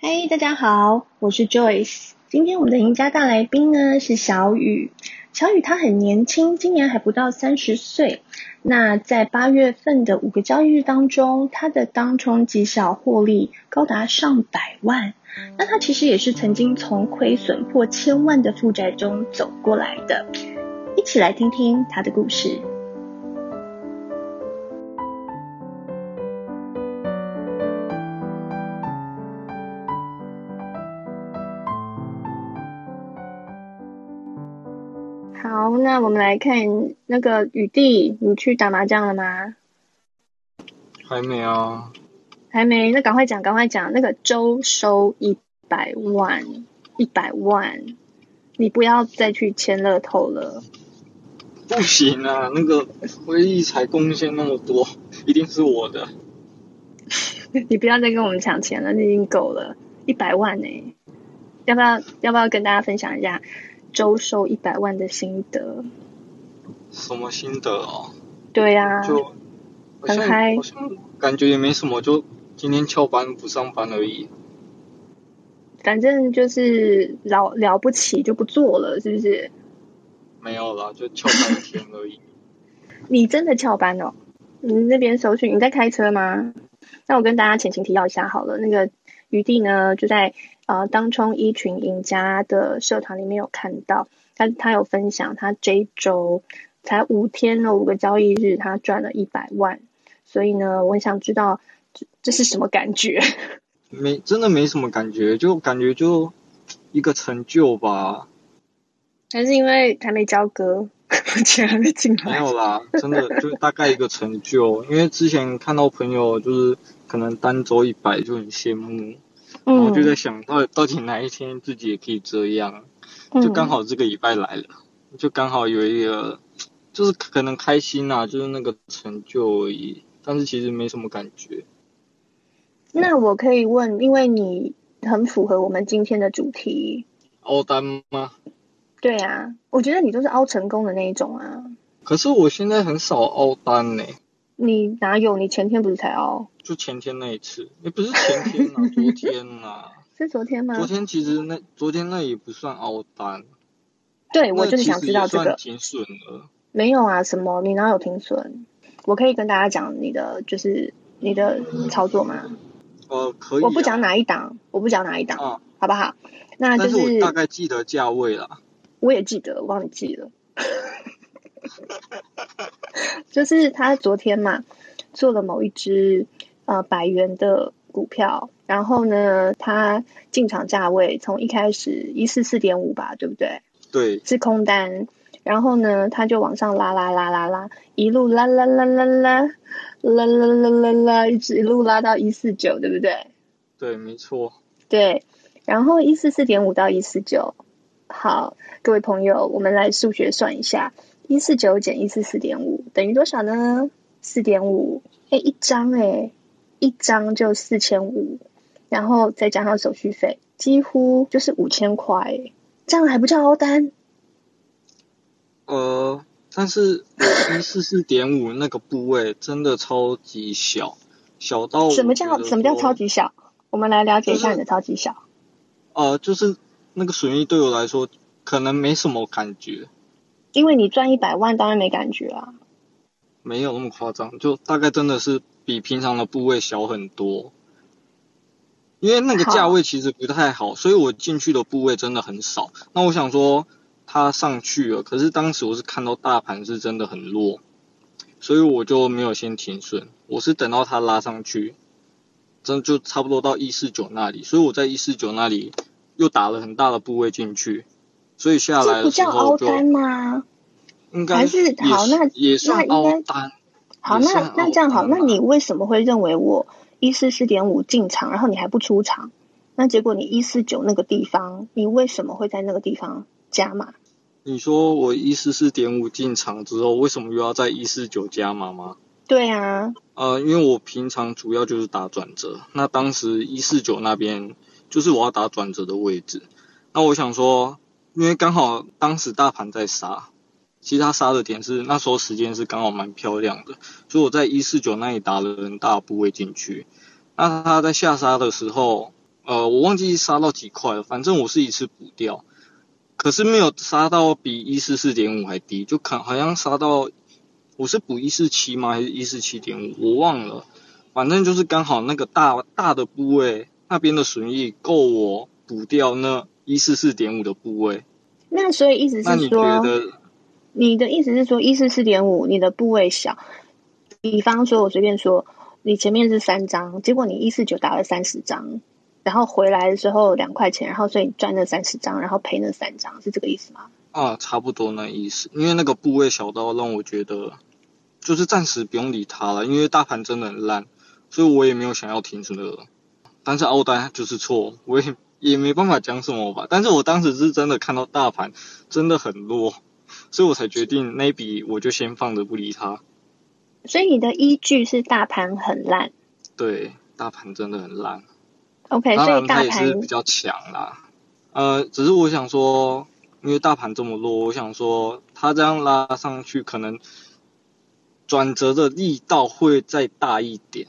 嗨，hey, 大家好，我是 Joyce。今天我們的贏家大來賓呢是小瑀。小瑀她很年輕，今年還不到三十歲。那在八月份的五個交易日當中，她的當沖績效獲利高達上百萬。那她其實也是曾經從虧損破千萬的負債中走過來的。一起來聽聽她的故事。好，那我們來看那個瑀弟，你去打麻將了嗎？還沒啊。還沒？那趕快講，趕快講。那個周收一百萬，一百萬，你不要再去簽樂透了。不行啊，那個威力彩貢獻那麼多，一定是我的。 你不要再跟我們搶錢了，你已經夠了一百萬呢、欸。要不要？要不要跟大家分享一下？週收一百萬的心得？什麼心得哦、啊？對呀、啊，就很嗨 high。感覺也沒什麼，就今天翹班不上班而已。反正就是了了不起就不做了，是不是？沒有啦，就翹半天而已。 你真的翹班哦？你那邊手續，你在開車嗎？那我跟大家前情提要一下好了。那個余弟呢，就在呃當沖一群贏家的社團裡面有看到，他他有分享，他這週才五天了，五個交易日，他賺了一百萬。所以呢，我很想知道這這是什麼感覺？沒，真的沒什麼感覺，就感覺就一個成就吧。還是因為還沒交割。目 前還沒進來。沒有啦，真的就是大概一個成就， 因為之前看到朋友就是可能單周一百就很羨慕，我就在想到底到底哪一天自己也可以這樣，嗯、就剛好這個禮拜來了，嗯、就剛好有一個就是可能開心啊，就是那個成就而已，但是其實沒什麼感覺。那我可以問，因為你很符合我們今天的主題，凹單嗎？對呀、啊，我覺得你就是凹成功的那一種啊。可是我現在很少凹單呢、欸。你哪有？你前天不是才凹？就前天那一次。也、欸、不是前天啊？ 昨天啊？是昨天嗎？昨天其實那昨天那也不算凹單。對，我就是想知道這個停損的。沒有啊，什麼你哪有停損？我可以跟大家講你的就是你的操作嗎？嗯、呃，可以、啊我講。我不講哪一檔，我不講哪一檔，好不好？那就是，是我大概記得價位了。我也記得，忘記了。就是他昨天嘛，做了某一隻呃百元的股票，然後呢，他進場價位從一開始一四四點五吧，對不對？對，是空單。然後呢，他就往上拉拉拉拉拉，一路拉拉拉拉拉拉拉拉拉，一直一路拉到一四九，對不對？對，沒錯。對，然後一四四點五到一四九。好，各位朋友，我們來數學算一下，一四九減一四四點五等於多少呢？四點五，哎，一張哎，一張就四千五，然後再加上手續費，幾乎就是五千塊，這樣還不叫凹單。呃，但是一四四點五那個部位真的超級小， 小到什麼叫什麼叫超級小？我們來了解一下你的超級小。就是、呃，就是。那個損益對我來說可能沒什麼感覺，因為你賺一百萬當然沒感覺啊。沒有那麼誇張，就大概真的是比平常的部位小很多。因為那個價位其實不太好，好，所以我進去的部位真的很少。那我想說，它上去了，可是當時我是看到大盤是真的很弱，所以我就沒有先停損，我是等到它拉上去，真就差不多到一四九那裡，所以我在一四九那裡。又打了很大的部位進去，所以下來的時候不叫凹單嗎、啊？應該是好那也是凹單，那應該。好那那這樣好，那，那你為什麼會認為我一四四點五進場，然後你還不出場？那結果你一四九那個地方，你為什麼會在那個地方加碼？你說我一四四點五進場之後，為什麼又要在一四九加碼嗎？對啊。呃，因為我平常主要就是打轉折，那當時一四九那邊。就是我要打轉折的位置，那我想說，因為剛好當時大盤在殺，其實它殺的點是那時候時間是剛好蠻漂亮的，所以我在一四九那裡打了很大部位進去，那他在下殺的時候，呃，我忘記殺到幾塊了，反正我是一次補掉，可是沒有殺到比一四四點五還低，就看好像殺到，我是補一四七嗎？還是一四七點五？我忘了，反正就是剛好那個大大的部位。那邊的損益夠我補掉那一四四點五的部位。那所以意思是說，你、你的意思是說一四四點五你的部位小。比方說我隨便說，你前面是三張，結果你一四九打了三十張，然後回來的時候兩塊錢，然後所以賺了三十張，然後賠那三張，是這個意思嗎？啊，差不多那意思，因為那個部位小到讓我覺得就是暫時不用理它了，因為大盤真的很爛，所以我也沒有想要停損了。但是凹單就是錯，我也也沒辦法講什麼吧。但是我當時是真的看到大盤真的很弱，所以我才決定那筆我就先放着不理它。所以你的依據是大盤很爛？對，大盤真的很爛。OK，所以大盤也是比較強啦。呃，只是我想說，因為大盤這麼弱，我想說它這樣拉上去，可能轉折的力道會再大一點。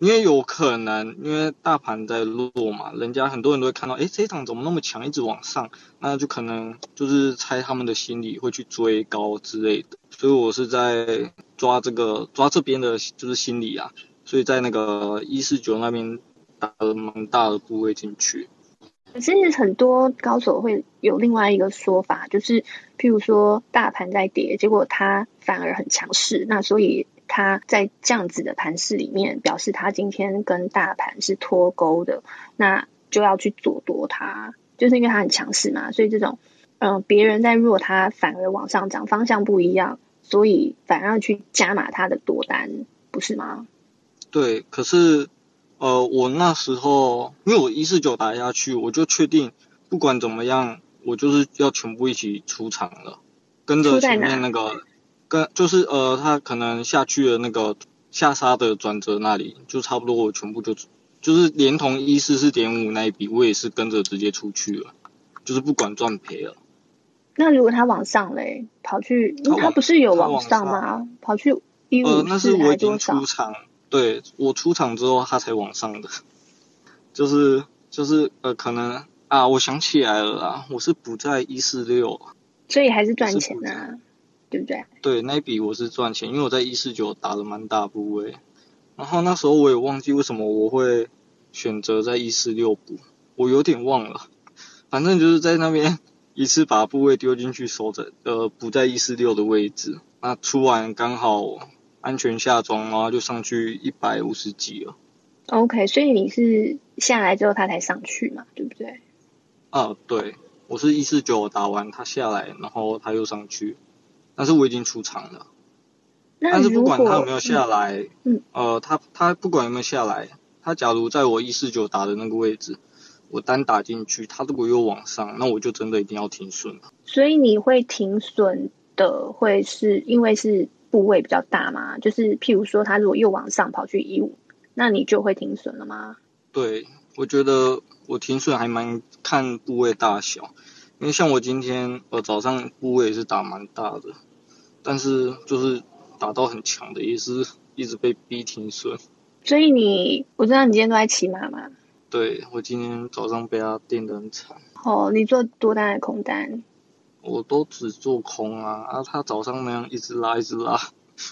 因為有可能，因為大盤在落嘛，人家很多人都會看到，哎，這一檔怎麼那麼強，一直往上，那就可能就是猜他們的心理會去追高之類的，所以我是在抓這個抓這邊的，就是心理啊，所以在那個一四九那邊打了蠻大的部位進去。甚至很多高手會有另外一個說法，就是譬如說大盤在跌，結果它反而很強勢，那所以。他在這樣子的盤勢裡面，表示他今天跟大盤是脫鈎的，那就要去做多他，就是因為他很強勢嘛，所以這種，嗯、呃，別人在弱他反而往上漲，方向不一樣，所以反而要去加碼他的多單，不是嗎？對，可是，呃，我那時候因為我一四九打下去，我就確定不管怎麼樣，我就是要全部一起出場了，跟着前面那個。跟就是呃，他可能下去的那個下沙的轉折那裡，就差不多我全部就就是連同一四四點五那一筆，我也是跟着直接出去了，就是不管賺賠了。那如果他往上嘞，跑去因為他不是有往上嗎？上跑去一五呃，那是我已經出場，對，我出場之後他才往上的，就是就是呃，可能啊，我想起來了啦，我是不在一四六，所以還是賺錢的啊。對不對？對，那一筆我是賺錢，因為我在一四九打了蠻大的部位，然後那時候我也忘記為什麼我會選擇在一四六補，我有點忘了。反正就是在那邊一次把部位丟進去守著，呃，補在一四六的位置，那出完剛好安全下莊，然後就上去一百五十幾了。OK，所以你是下來之後他才上去嘛？對不對？啊，對，我是一四九打完，他下來，然後他又上去。但是我已經出場了，但是不管他有沒有下來，嗯，嗯，呃，他他不管有沒有下來，他假如在我一四九打的那個位置，我單打進去，他如果又往上，那我就真的一定要停損了。所以你會停損的，會是因為是部位比較大嘛，就是譬如說，他如果又往上跑去一五，那你就會停損了嗎？對，我覺得我停損還蠻看部位大小，因為像我今天我，呃，早上部位是打蠻大的。但是就是打到很強的意思，也是一直被逼停損。所以你，我知道你今天都在騎馬嗎？對，我今天早上被他電得很慘。哦，oh, 你做多單的空單？我都只做空啊！啊，他早上那樣一直拉一直拉，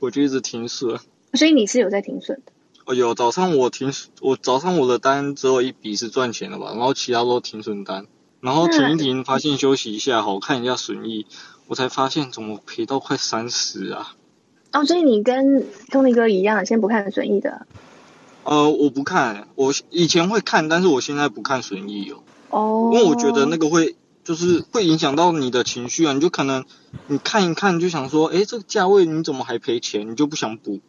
我就一直停損。所以你是有在停損的？哦，有，早上我停，我早上我的單只有一筆是賺錢的吧，然後其他都停損單，然後停一停，發現、嗯、休息一下，好看一下損益。我才發現怎麼賠到快三十啊！哦，所以你跟通利哥一樣，先不看損益的。呃，我不看，我以前會看，但是我現在不看損益哦。哦。因為我覺得那個會就是會影響到你的情緒啊，你就可能你看一看，就想說，誒、欸，這個價位你怎麼還賠錢？你就不想補。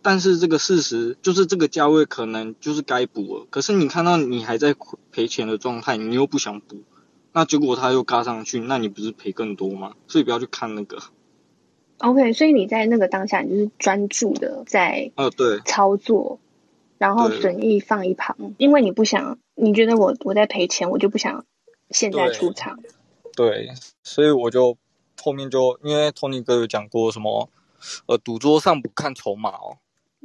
但是這個事實就是這個價位可能就是該補了，可是你看到你還在賠錢的狀態，你又不想補。那結果他又嘎上去，那你不是賠更多嗎？所以不要去看那個。OK，所以你在那個當下，你就是專注的在呃對操作，呃、然後損益放一旁，對，因為你不想，你覺得我我在賠錢，我就不想現在出場。對，對，所以我就後面就因為 Tony 哥有講過什麼，呃，賭桌上不看籌碼哦。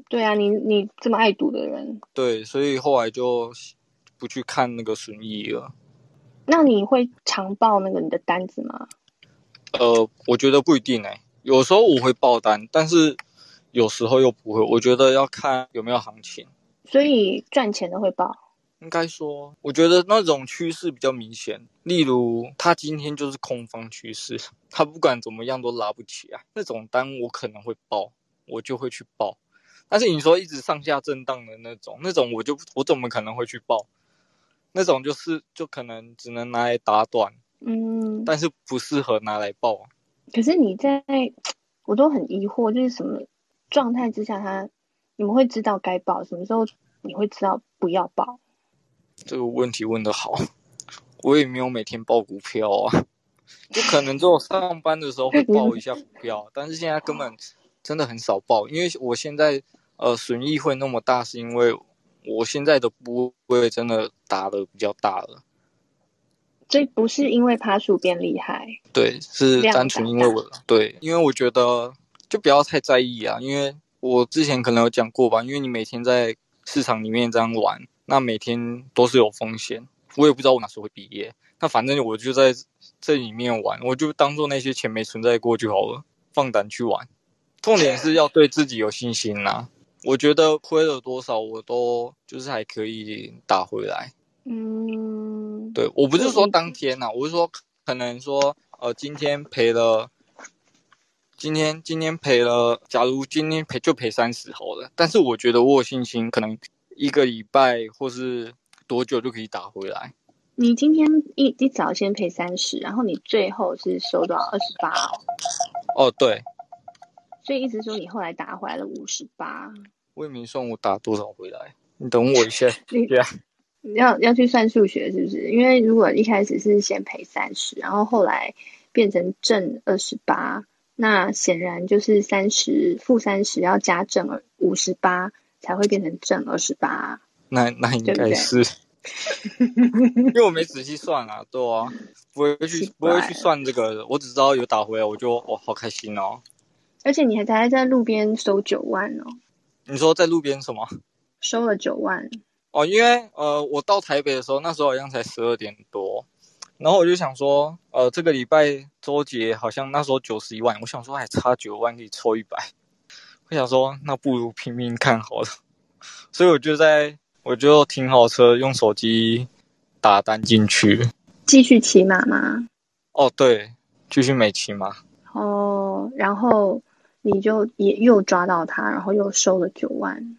對啊，你你這麼愛賭的人。對，所以後來就不去看那個損益了。那你會常報那個你的單子嗎？呃，我覺得不一定哎、欸，有時候我會報單，但是有時候又不會。我覺得要看有沒有行情。所以賺錢的會報，應該說，我覺得那種趨勢比較明顯。例如，他今天就是空方趨勢，他不管怎麼樣都拉不起啊，那種單我可能會報，我就會去報。但是你說一直上下震盪的那種，那種我就我怎麼可能會去報？那種就是就可能只能拿來打短，嗯，但是不適合拿來凹。可是你在，我都很疑惑，就是什麼狀態之下他，你們會知道該凹，什麼時候你會知道不要凹？這個問題問得好，我也沒有每天凹股票啊， 就可能只有上班的時候會凹一下股票， 但是現在根本真的很少凹，因為我現在呃損益會那麼大，是因為。我現在的部位真的打得比較大了，這不是因為爬鼠變厲害，對，是單純因為我大大對，因為我覺得就不要太在意啊，因為我之前可能有講過吧，因為你每天在市場裡面這樣玩，那每天都是有風險，我也不知道我哪時候會畢業，那反正我就在這裡面玩，我就當做那些錢沒存在過就好了，放膽去玩，重點是要對自己有信心吶、啊。 我覺得虧了多少，我都就是還可以打回來。嗯，對，我不是說當天吶、啊，以我是說可能說呃，今天賠了，今天今天賠了，假如今天賠就賠三十好了，但是我覺得我有信心可能一個禮拜或是多久就可以打回來。你今天一一早先賠三十，然後你最後是收到二十八哦？哦，對。所以一直說你後來打回來了五十八，我也沒算我打多少回來？你等我一下。 你，Yeah 你要要去算數學是不是？因為如果一開始是先賠三十，然後後來變成正二十八，那顯然就是三十負三十要加正五十八才會變成正二十八。那那應該是，對對 因為我沒仔細算啊，對啊，不會去不會去算這個，我只知道有打回來，我就哇好開心哦。而且你還才在路邊收九萬哦，你說在路邊什麼？收了九萬哦，因為呃，我到台北的時候，那時候好像才十二點多，然後我就想說，呃，這個禮拜周杰好像那時候九十一萬，我想說還差九萬可以湊一百，我想說那不如拼命看好了，所以我就在我就停好車，用手機打單進去，繼續騎馬嗎？哦，對，繼續沒騎馬哦，然後。你就也又抓到他，然後又收了九萬。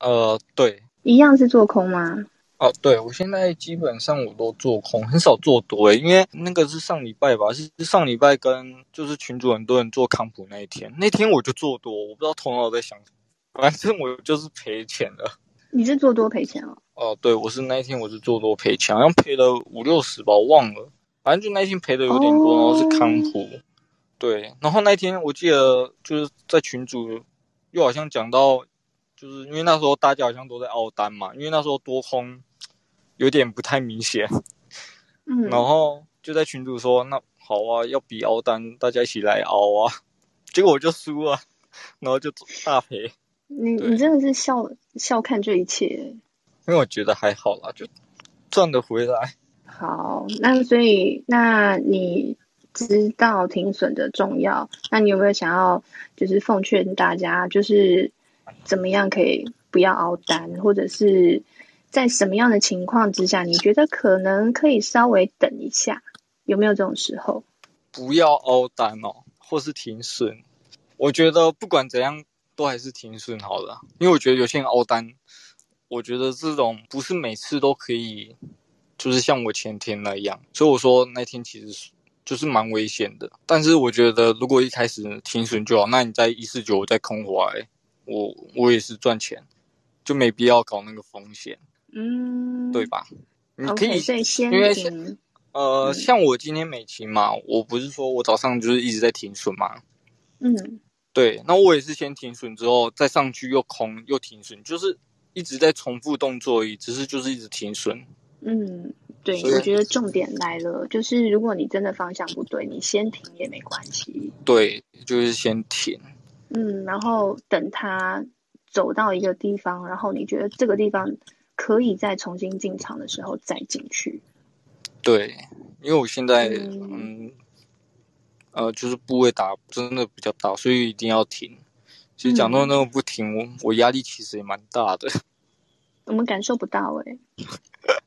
呃，對，一樣是做空嗎？哦、啊，對，我現在基本上我都做空，很少做多。因為那個是上禮拜吧，是上禮拜跟就是群主很多人做康普那一天，那天我就做多，我不知道頭腦在想什麼，反正我就是賠錢了。你是做多賠錢了，哦？哦、啊，對，我是那一天我是做多賠錢，好像賠了五六十吧，我忘了。反正就那一天賠的有點多，Oh. 然後是康普，對，然後那一天我記得就是在群主，又好像講到，就是因為那時候大家好像都在凹單嘛，因為那時候多空有點不太明顯。嗯，然後就在群主說：“那好啊，要比凹單，大家一起來凹啊。”結果我就輸了，然後就大賠。你你真的是笑笑看這一切，因為我覺得還好啦，就賺得回來。好，那所以那你。知道停損的重要，那你有沒有想要就是奉勸大家，就是怎麼樣可以不要凹單，或者是在什麼樣的情況之下，你覺得可能可以稍微等一下，有沒有這種時候？不要凹單哦，或是停損。我覺得不管怎樣，都還是停損好了，因為我覺得有些人凹單，我覺得這種不是每次都可以，就是像我前天那樣，所以我說那天其實是。就是蠻危險的，但是我覺得如果一開始停損就好。那你在一四九再空回來，我我也是賺錢，就沒必要搞那個風險，嗯，對吧？Okay, 你可以，以先，因為呃，嗯、像我今天美琴嘛，我不是說我早上就是一直在停損嘛，嗯，對。那我也是先停損之後再上去又空又停損，就是一直在重複動作而已，只是就是一直停損，嗯。對，我覺得重點來了，所以就是如果你真的方向不對，你先停也沒關係。對，就是先停。嗯，然後等他走到一個地方，然後你覺得這個地方可以再重新進場的時候再進去。對，因為我現在嗯，嗯，呃，就是部位打真的比較大，所以一定要停。其實講到那個不停，嗯、我我壓力其實也蠻大的。我們感受不到哎、欸。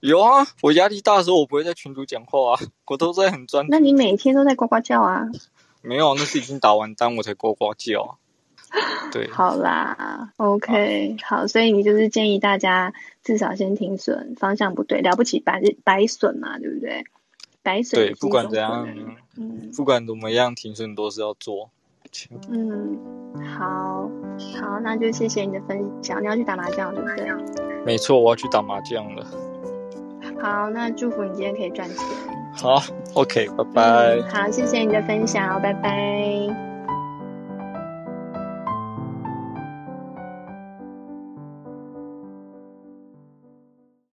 有啊，我壓力大的時候，我不會在群組講話啊。我都在很專注。 那你每天都在呱呱叫啊？ 沒有、啊，那是已經打完單，我才呱呱叫、啊、對。 好啦，OK、啊、好，所以你就是建議大家至少先停損，方向不對，了不起白白損嘛，對不對？白損。對，不管怎樣，嗯嗯、不管怎麼樣，停損都是要做。 嗯，好好，那就謝謝你的分享。你要去打麻將，對不對？沒錯，我要去打麻將了。好，那祝福你今天可以賺錢。好，OK，拜拜。嗯，好，謝謝你的分享哦，拜拜。